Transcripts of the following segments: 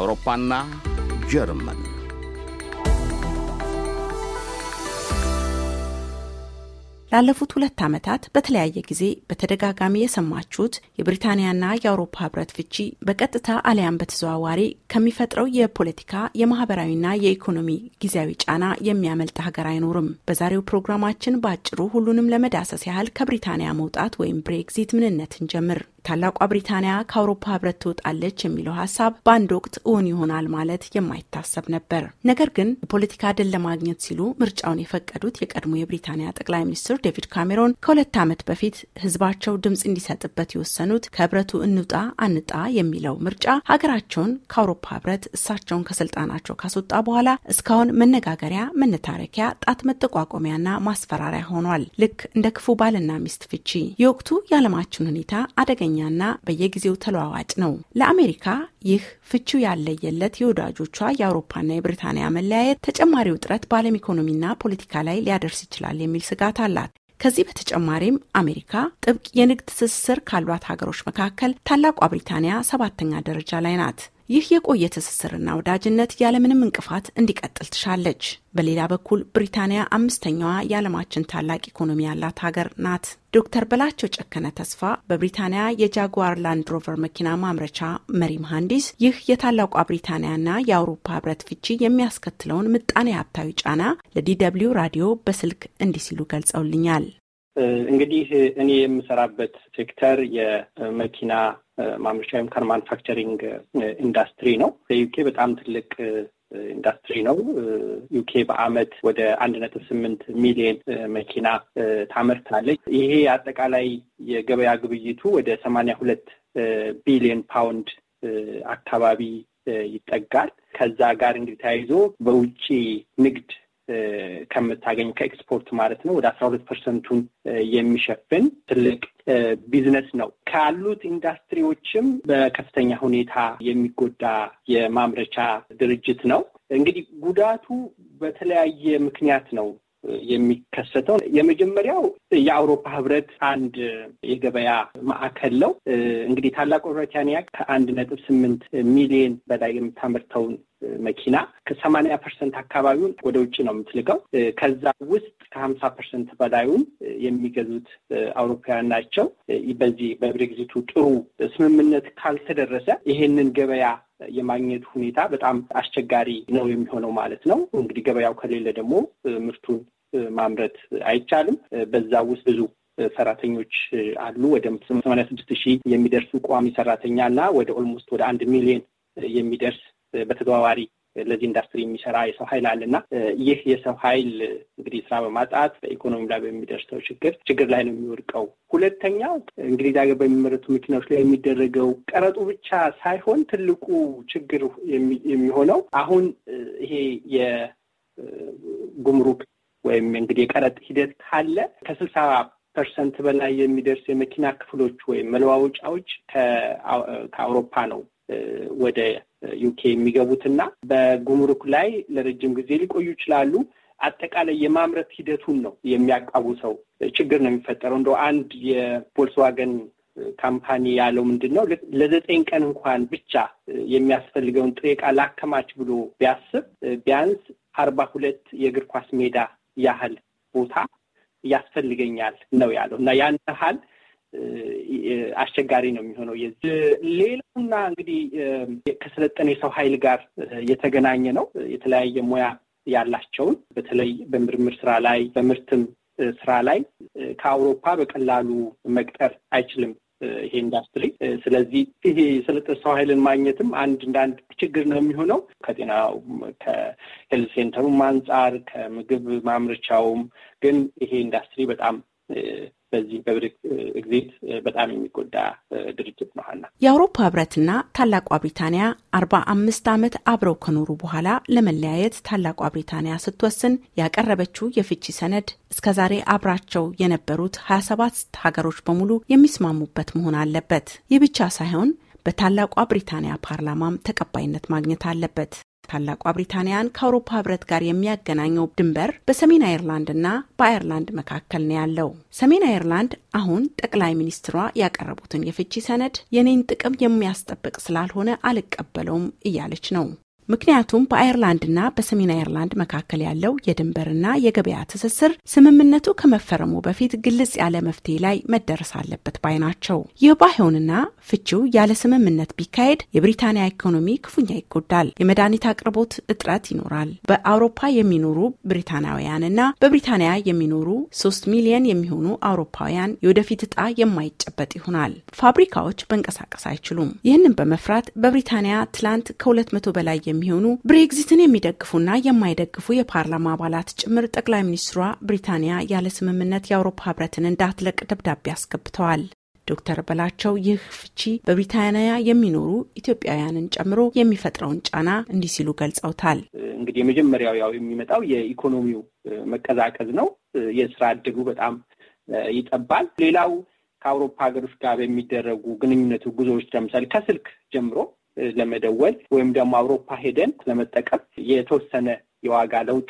አውሮፓና ጀርመን ላለፉት ሁለት ዓመታት በተለያየ ጊዜ በተደጋጋሚ የሰማችሁት የብሪታንያና የአውሮፓ ህብረት ፍቺ በቀጥታ አሊያም በተዘዋዋሪ ከሚፈጥረው የፖለቲካ የማህበራዊና የኢኮኖሚ ጊዜያዊ ጫና የሚያመልጥ ሀገር አይኖርም። በዛሬው ፕሮግራማችን በአጭሩ ሁሉንም ለመዳሰስ ያህል ከብሪታንያ መውጣት ወይም ብሬግዚት ምንነትን ጀምር። ታላቋ ብሪታንያ ከአውሮፓ ህብረት ትወጣለች የሚለው ሀሳብ በአንድ ወቅት እውን ይሆናል ማለት የማይታሰብ ነበር። ነገር ግን የፖለቲካ ድል ለማግኘት ሲሉ ምርጫውን የፈቀዱት የቀድሞ የብሪታንያ ጠቅላይ ሚኒስትር ዴቪድ ካሜሮን ከሁለት ዓመት በፊት ህዝባቸው ድምፅ እንዲሰጥበት የወሰኑት ከህብረቱ እንውጣ አንጣ የሚለው ምርጫ ሀገራቸውን ከአውሮፓ ህብረት እሳቸውን ከስልጣናቸው ካስወጣ በኋላ እስካሁን መነጋገሪያ፣ መነታረኪያ፣ ጣት መጠቋቆሚያና ማስፈራሪያ ሆኗል። ልክ እንደ ክፉ ባልና ሚስት ፍቺ የወቅቱ የዓለማችን ሁኔታ አደገኛ አደገኛና በየጊዜው ተለዋዋጭ ነው። ለአሜሪካ ይህ ፍቹ ያለየለት የወዳጆቿ የአውሮፓና የብሪታንያ መለያየት ተጨማሪ ውጥረት በዓለም ኢኮኖሚና ፖለቲካ ላይ ሊያደርስ ይችላል የሚል ስጋት አላት። ከዚህ በተጨማሪም አሜሪካ ጥብቅ የንግድ ትስስር ካሏት ሀገሮች መካከል ታላቋ ብሪታንያ ሰባተኛ ደረጃ ላይ ናት። ይህ የቆየ ትስስርና ወዳጅነት ያለምንም እንቅፋት እንዲቀጥል ትሻለች። በሌላ በኩል ብሪታንያ አምስተኛዋ የዓለማችን ታላቅ ኢኮኖሚ ያላት ሀገር ናት። ዶክተር በላቸው ጨከነ ተስፋ በብሪታንያ የጃጓር ላንድ ሮቨር መኪና ማምረቻ መሪ መሐንዲስ ይህ የታላቋ ብሪታንያና የአውሮፓ ህብረት ፍቺ የሚያስከትለውን ምጣኔ ሀብታዊ ጫና ለዲደብሊው ራዲዮ በስልክ እንዲህ ሲሉ ገልጸውልኛል። እንግዲህ እኔ የምሰራበት ሴክተር የመኪና ማምረቻ ወይም ከማኑፋክቸሪንግ ኢንዱስትሪ ነው። በዩኬ በጣም ትልቅ ኢንዱስትሪ ነው። ዩኬ በአመት ወደ አንድ ነጥብ ስምንት ሚሊዮን መኪና ታመርታለች። ይሄ አጠቃላይ የገበያ ግብይቱ ወደ ሰማንያ ሁለት ቢሊዮን ፓውንድ አካባቢ ይጠጋል። ከዛ ጋር እንግዲህ ተያይዞ በውጭ ንግድ ከምታገኝ ከኤክስፖርት ማለት ነው ወደ አስራ ሁለት ፐርሰንቱን የሚሸፍን ትልቅ ቢዝነስ ነው። ካሉት ኢንዱስትሪዎችም በከፍተኛ ሁኔታ የሚጎዳ የማምረቻ ድርጅት ነው። እንግዲህ ጉዳቱ በተለያየ ምክንያት ነው የሚከሰተው። የመጀመሪያው የአውሮፓ ህብረት አንድ የገበያ ማዕከል ነው። እንግዲህ ታላቁ ብሪታንያ ከአንድ ነጥብ ስምንት ሚሊዮን በላይ የምታመርተውን መኪና ከሰማንያ ፐርሰንት አካባቢውን ወደ ውጭ ነው የምትልቀው። ከዛ ውስጥ ከሀምሳ ፐርሰንት በላዩን የሚገዙት አውሮፓውያን ናቸው። በዚህ በብሬግዚቱ ጥሩ ስምምነት ካልተደረሰ ይሄንን ገበያ የማግኘት ሁኔታ በጣም አስቸጋሪ ነው የሚሆነው ማለት ነው። እንግዲህ ገበያው ከሌለ ደግሞ ምርቱን ማምረት አይቻልም። በዛ ውስጥ ብዙ ሰራተኞች አሉ። ወደ ሰማንያ ስድስት ሺህ የሚደርሱ ቋሚ ሰራተኛ እና ወደ ኦልሞስት ወደ አንድ ሚሊዮን የሚደርስ በተዘዋዋሪ ለዚህ ኢንዱስትሪ የሚሰራ የሰው ኃይል አለ ይህ የሰው ኃይል እንግዲህ ስራ በማጣት በኢኮኖሚ ላይ በሚደርሰው ችግር ችግር ላይ ነው የሚወድቀው። ሁለተኛው እንግዲህ ዛገ በሚመረቱ መኪናዎች ላይ የሚደረገው ቀረጡ ብቻ ሳይሆን ትልቁ ችግር የሚሆነው አሁን ይሄ የጉምሩክ ወይም እንግዲህ የቀረጥ ሂደት ካለ ከስልሳ ፐርሰንት በላይ የሚደርስ የመኪና ክፍሎች ወይም መለዋወጫዎች ከአውሮፓ ነው ወደ ዩኬ የሚገቡትና በጉምሩክ ላይ ለረጅም ጊዜ ሊቆዩ ይችላሉ። አጠቃላይ የማምረት ሂደቱን ነው የሚያቃውሰው። ችግር ነው የሚፈጠረው። እንደ አንድ የቮልስዋገን ካምፓኒ ያለው ምንድን ነው ለዘጠኝ ቀን እንኳን ብቻ የሚያስፈልገውን ጥሬ ዕቃ ላከማች ብሎ ቢያስብ ቢያንስ አርባ ሁለት የእግር ኳስ ሜዳ ያህል ቦታ ያስፈልገኛል ነው ያለው እና ያን ያህል አስቸጋሪ ነው የሚሆነው። ሌላውና እንግዲህ ከሰለጠነ የሰው ኃይል ጋር የተገናኘ ነው። የተለያየ ሙያ ያላቸውን በተለይ በምርምር ስራ ላይ በምርትም ስራ ላይ ከአውሮፓ በቀላሉ መቅጠር አይችልም ይሄ ኢንዱስትሪ። ስለዚህ ይሄ የሰለጠነ ሰው ኃይልን ማግኘትም አንድ እንዳንድ ችግር ነው የሚሆነው ከጤናው ከሄልዝ ሴንተሩም አንጻር ከምግብ ማምረቻውም። ግን ይሄ ኢንዱስትሪ በጣም በዚህ በብሪክ እግዜት በጣም የሚጎዳ ድርጅት ነው። የአውሮፓ ህብረትና ታላቋ ብሪታንያ አርባ አምስት ዓመት አብረው ከኖሩ በኋላ ለመለያየት ታላቋ ብሪታንያ ስትወስን ያቀረበችው የፍቺ ሰነድ እስከ ዛሬ አብራቸው የነበሩት ሀያ ሰባት ሀገሮች በሙሉ የሚስማሙበት መሆን አለበት። ይህ ብቻ ሳይሆን በታላቋ ብሪታንያ ፓርላማም ተቀባይነት ማግኘት አለበት። ታላቋ ብሪታንያን ከአውሮፓ ህብረት ጋር የሚያገናኘው ድንበር በሰሜን አየርላንድና በአይርላንድ መካከል ነው ያለው። ሰሜን አይርላንድ አሁን ጠቅላይ ሚኒስትሯ ያቀረቡትን የፍቺ ሰነድ የኔን ጥቅም የሚያስጠብቅ ስላልሆነ አልቀበለውም እያለች ነው። ምክንያቱም በአየርላንድና በሰሜን አየርላንድ መካከል ያለው የድንበርና የገበያ ትስስር ስምምነቱ ከመፈረሙ በፊት ግልጽ ያለ መፍትሄ ላይ መደረስ አለበት ባይ ናቸው። ይህ ባይሆንና ፍቺው ያለ ስምምነት ቢካሄድ የብሪታንያ ኢኮኖሚ ክፉኛ ይጎዳል። የመድኃኒት አቅርቦት እጥረት ይኖራል። በአውሮፓ የሚኖሩ ብሪታናውያንና በብሪታንያ የሚኖሩ ሶስት ሚሊየን የሚሆኑ አውሮፓውያን የወደፊት እጣ የማይጨበጥ ይሆናል። ፋብሪካዎች መንቀሳቀስ አይችሉም። ይህንን በመፍራት በብሪታንያ ትላንት ከሁለት መቶ በላይ የሚ የሚሆኑ ብሬግዚትን የሚደግፉና የማይደግፉ የፓርላማ አባላት ጭምር ጠቅላይ ሚኒስትሯ ብሪታንያ ያለ ስምምነት የአውሮፓ ህብረትን እንዳትለቅ ደብዳቤ አስገብተዋል። ዶክተር በላቸው ይህ ፍቺ በብሪታንያ የሚኖሩ ኢትዮጵያውያንን ጨምሮ የሚፈጥረውን ጫና እንዲህ ሲሉ ገልጸውታል። እንግዲህ የመጀመሪያው ያው የሚመጣው የኢኮኖሚው መቀዛቀዝ ነው። የስራ እድሉ በጣም ይጠባል። ሌላው ከአውሮፓ ሀገሮች ጋር በሚደረጉ ግንኙነቱ ጉዞዎች ለምሳሌ ከስልክ ጀምሮ ለመደወል ወይም ደግሞ አውሮፓ ሄደን ለመጠቀም የተወሰነ የዋጋ ለውጥ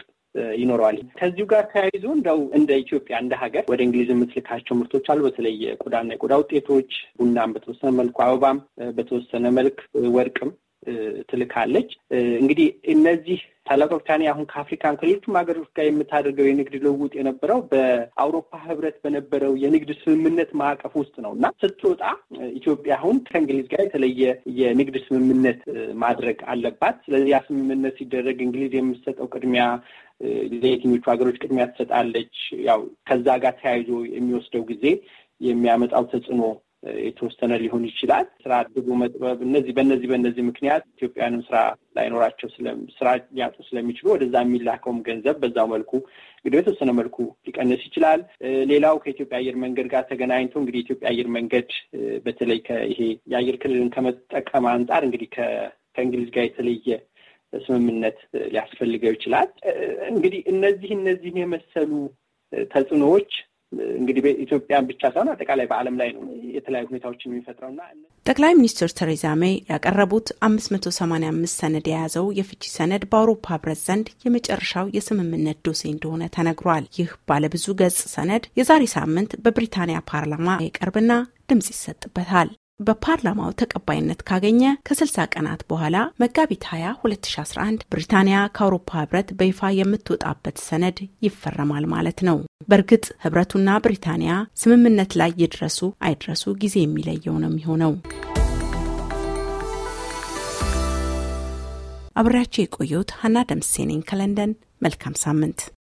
ይኖረዋል። ከዚሁ ጋር ተያይዞ እንደው እንደ ኢትዮጵያ እንደ ሀገር ወደ እንግሊዝ የምትልካቸው ምርቶች አሉ። በተለይ ቆዳና የቆዳ ውጤቶች፣ ቡናም በተወሰነ መልኩ፣ አበባም በተወሰነ መልክ፣ ወርቅም ትልካለች። እንግዲህ እነዚህ ታላቅ ብሪታንያ አሁን ከአፍሪካን ከሌሎቹም ሀገሮች ጋር የምታደርገው የንግድ ልውውጥ የነበረው በአውሮፓ ህብረት በነበረው የንግድ ስምምነት ማዕቀፍ ውስጥ ነው እና ስትወጣ ኢትዮጵያ አሁን ከእንግሊዝ ጋር የተለየ የንግድ ስምምነት ማድረግ አለባት። ስለዚህ ያ ስምምነት ሲደረግ እንግሊዝ የምትሰጠው ቅድሚያ ለየትኞቹ ሀገሮች ቅድሚያ ትሰጣለች፣ ያው ከዛ ጋር ተያይዞ የሚወስደው ጊዜ የሚያመጣው ተጽዕኖ የተወሰነ ሊሆን ይችላል። ስራ አድጉ መጥበብ፣ እነዚህ በእነዚህ በእነዚህ ምክንያት ኢትዮጵያንም ስራ ላይኖራቸው ስራ ሊያጡ ስለሚችሉ ወደዛ የሚላከውም ገንዘብ በዛው መልኩ እንግዲህ በተወሰነ መልኩ ሊቀንስ ይችላል። ሌላው ከኢትዮጵያ አየር መንገድ ጋር ተገናኝቶ እንግዲህ የኢትዮጵያ አየር መንገድ በተለይ ይሄ የአየር ክልልን ከመጠቀም አንጻር እንግዲህ ከእንግሊዝ ጋር የተለየ ስምምነት ሊያስፈልገው ይችላል። እንግዲህ እነዚህ እነዚህን የመሰሉ ተጽዕኖዎች እንግዲህ በኢትዮጵያ ብቻ ሳይሆን አጠቃላይ በዓለም ላይ ነው የተለያዩ ሁኔታዎችን የሚፈጥረው ና ጠቅላይ ሚኒስትር ቴሬዛ ሜይ ያቀረቡት አምስት መቶ ሰማኒያ አምስት ሰነድ የያዘው የፍቺ ሰነድ በአውሮፓ ህብረት ዘንድ የመጨረሻው የስምምነት ዶሴ እንደሆነ ተነግሯል። ይህ ባለብዙ ገጽ ሰነድ የዛሬ ሳምንት በብሪታንያ ፓርላማ ይቀርብና ድምጽ ይሰጥበታል። በፓርላማው ተቀባይነት ካገኘ ከ60 ቀናት በኋላ መጋቢት 20 2011 ብሪታንያ ከአውሮፓ ህብረት በይፋ የምትወጣበት ሰነድ ይፈረማል ማለት ነው። በእርግጥ ህብረቱና ብሪታንያ ስምምነት ላይ ይድረሱ አይድረሱ ጊዜ የሚለየው ነው የሚሆነው። አብሬያቸው የቆየሁት ሀና ደምሴ ነኝ ከለንደን። መልካም ሳምንት።